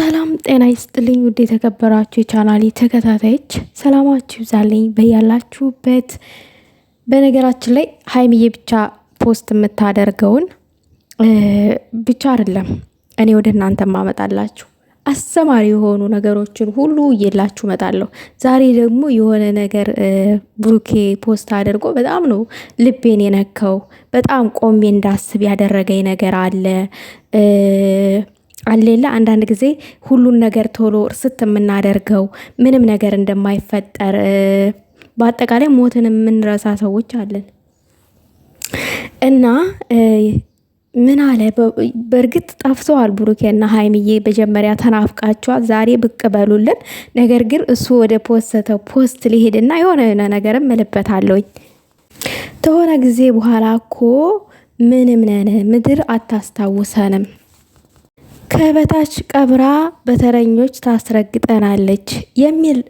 ሰላም ጤና ይስጥልኝ። ውድ የተከበራችሁ የቻናሌ ተከታታዮች ሰላማችሁ ይብዛልኝ በያላችሁበት። በነገራችን ላይ ሀይሚዬ ብቻ ፖስት የምታደርገውን ብቻ አይደለም እኔ ወደ እናንተ ማመጣላችሁ አስተማሪ የሆኑ ነገሮችን ሁሉ እየላችሁ መጣለሁ። ዛሬ ደግሞ የሆነ ነገር ብሩኬ ፖስት አድርጎ በጣም ነው ልቤን የነካው። በጣም ቆሜ እንዳስብ ያደረገኝ ነገር አለ አሌላ አንዳንድ ጊዜ ሁሉን ነገር ቶሎ እርስት የምናደርገው ምንም ነገር እንደማይፈጠር በአጠቃላይ ሞትን የምንረሳ ሰዎች አለን እና ምን አለ በእርግጥ ጠፍተዋል። ብሩኬና ሀይምዬ መጀመሪያ ተናፍቃቸዋል። ዛሬ ብቅ በሉልን። ነገር ግን እሱ ወደ ፖስተተው ፖስት ሊሄድና የሆነ የሆነ ነገርም እልበታለሁኝ ተሆነ ጊዜ በኋላ እኮ ምንም ነን ምድር አታስታውሰንም። ከበታች ቀብራ በተረኞች ታስረግጠናለች የሚል